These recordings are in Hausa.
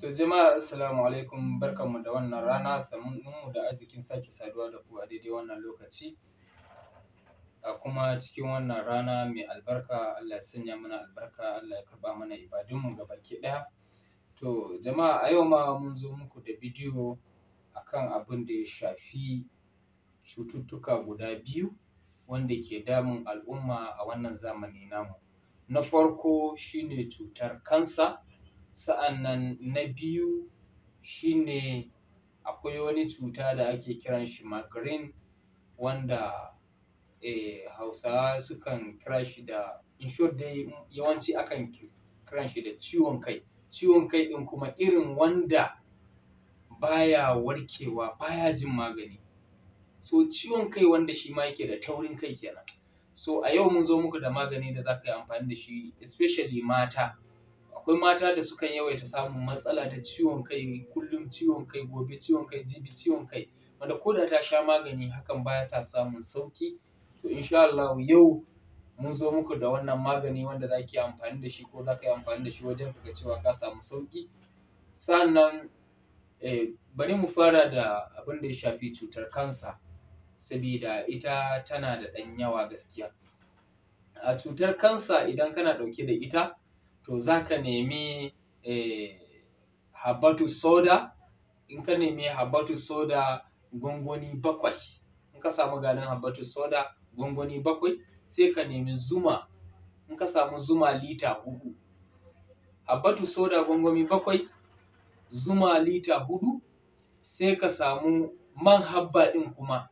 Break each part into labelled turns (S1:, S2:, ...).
S1: To jama'a assalamu alaikum barkanmu da wannan rana mu da arzikin sake saduwa da ku a daidai wannan lokaci a kuma cikin wannan rana mai albarka Allah ya sanya mana albarka Allah ya karɓa mana ibadunmu ga gabaki ɗaya. To jama'a a yau ma mun zo muku da bidiyo akan abin da ya shafi cututtuka guda biyu wanda ke damun al'umma a wannan zamani namu. Na farko shine cutar kansa Sa'an nan na biyu shine akwai wani cuta da ake kiran shi migraine wanda eh Hausawa sukan kira shi da in dai yawanci akan kiran shi da ciwon kai. Ciwon kai ɗin kuma irin wanda baya warkewa baya jin magani. So ciwon kai wanda shi ma yake da taurin kai kenan. So a yau mun zo muku da magani da za ka yi amfani da shi especially mata. akwai mata da sukan yawaita samun matsala ta ciwon kai kullum ciwon kai gobe ciwon kai jibi ciwon kai wanda ko da ta sha magani hakan ba ta samun sauki to insha Allah yau mun zo muku da wannan magani wanda za ki amfani da shi ko za ka yi amfani da shi wajen ka cewa ka samu sauki sannan eh, bari mu fara da abin da ya shafi cutar kansa sabida ita tana da ɗan yawa gaskiya a cutar kansa idan kana ɗauke da ita to za ka nemi eh, habatu soda in ka nemi habatu soda gwangwani bakwai in ka samu ganin habatu soda gwangwani bakwai sai ka nemi zuma in ka samu zuma lita hudu habatu soda gwangwani bakwai zuma lita hudu sai ka samu man habba din kuma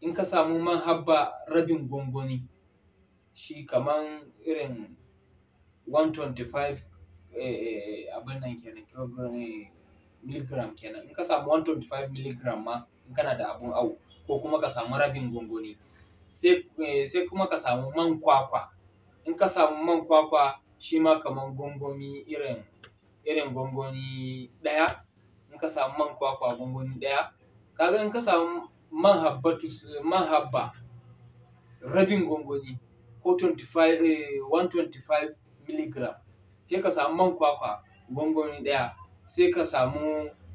S1: in ka samu man habba rabin gwangwani shi kaman irin 125 eh, eh, eh, abin nan kenan miligram kenan in ka samu 125 miligram ma in kana da abun au. ko kuma ka samu rabin gongoni sai kuma ka samu man kwakwa in ka samu man kwakwa shi ma kamar gongomi irin irin gongoni ɗaya in ka samu man kwakwa gongoni ɗaya kaga in ka samu man habbatu man habba rabin gongoni ko 25 125 miligram sai ka samu man kwakwa gwangwani ɗaya sai ka samu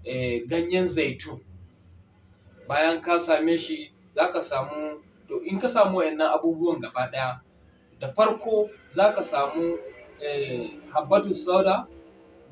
S1: eh, ganyen zaitun bayan ka same shi za ka samu to in ka samu wayannan abubuwan gaba ɗaya da farko za ka samu eh, habbatus sauda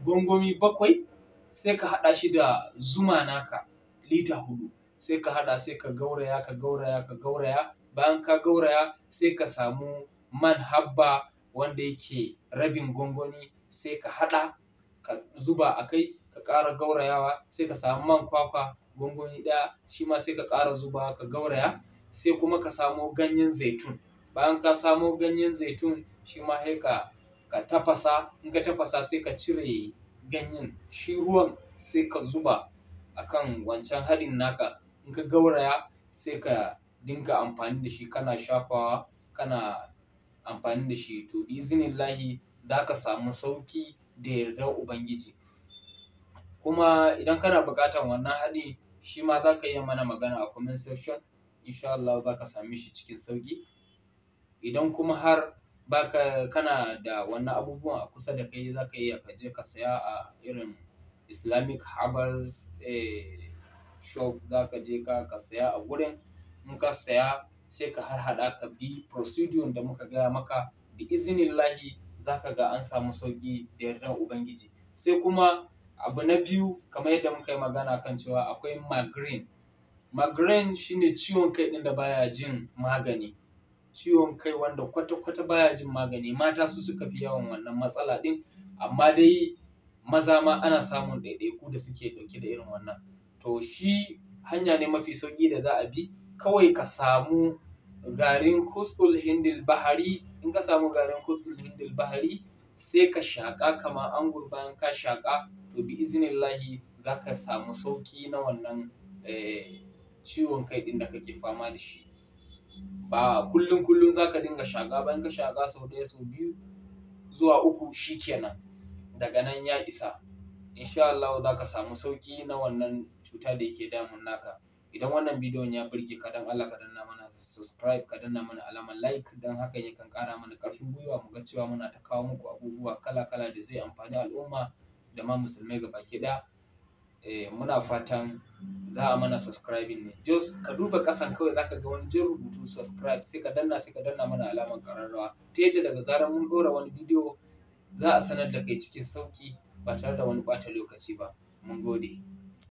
S1: gwangwami bakwai sai ka haɗa shi da zuma naka lita hudu sai ka haɗa sai ka gauraya ka gauraya ka gauraya bayan ka gauraya sai ka samu man habba wanda yake rabin gwangwani sai ka haɗa ka zuba a kai ka ƙara gaurayawa sai ka samu man kwakwa gwangwani ɗaya shi ma sai ka ƙara zuba ka gauraya sai kuma ka samo ganyen zaitun bayan ka samo ganyen zaitun shi ma sai ka ka tafasa in ka tafasa sai ka cire ganyen shi ruwan sai ka zuba akan wancan haɗin naka in ka gauraya sai ka dinga amfani da shi kana shafawa kana amfani da shi to izinillahi za ka samu sauki da yardar ubangiji kuma idan kana buƙatar wannan haɗi shi ma za ka iya mana magana a comment section insha Allah za ka same shi cikin sauki idan kuma har baka kana da wannan abubuwan a kusa da kai za ka iya ka je ka saya a irin islamic herbal eh, shop za ka je ka saya a gurin in ka saya sai ka harhaɗa ka bi procedure da muka gaya maka da izinin lahi za ka ga an samu sauƙi da yardar ubangiji sai kuma abu na biyu kamar yadda muka yi magana kan cewa akwai migraine migraine shine ciwon kai ɗin da baya jin magani ciwon kai wanda kwata-kwata baya jin magani mata su suka fi yawan wannan matsala ɗin amma dai maza ma ana samun ɗaiɗaiku da suke ɗauke da irin wannan to shi hanya ne mafi sauƙi da za a bi kawai ka samu garin kusul hindil bahari in ka samu garin kusul hindil bahari sai ka shaƙa kama an bayan ka shaƙa to bi lahi za ka samu sauƙi na wannan eh, ciwon kai ɗin da kake fama da shi ba kullum kullum za ka dinga shaƙa bayan ka shaƙa sau ɗaya sau biyu zuwa uku shi kenan, daga nan ya isa insha Allah za ka samu sauƙi na wannan cuta da ke damun naka Idan wannan bidiyon ya burge ka don Allah ka danna mana subscribe ka danna mana alamar like don hakan yakan ƙara mana ƙarfin gwiwa mu ga cewa muna ta kawo muku abubuwa kala-kala da zai amfani al'umma da ma musulmai gabaki ɗaya. Eh, muna fatan za a mana subscribing ne. Jos ka duba kasan kawai zaka ga wani jin rubutu subscribe sai ka danna sai ka danna mana alamar ƙararrawa ta yadda daga zarar mun ɗora wani bidiyo za a sanar da kai cikin sauƙi ba tare da wani ɓata lokaci ba. Mun gode.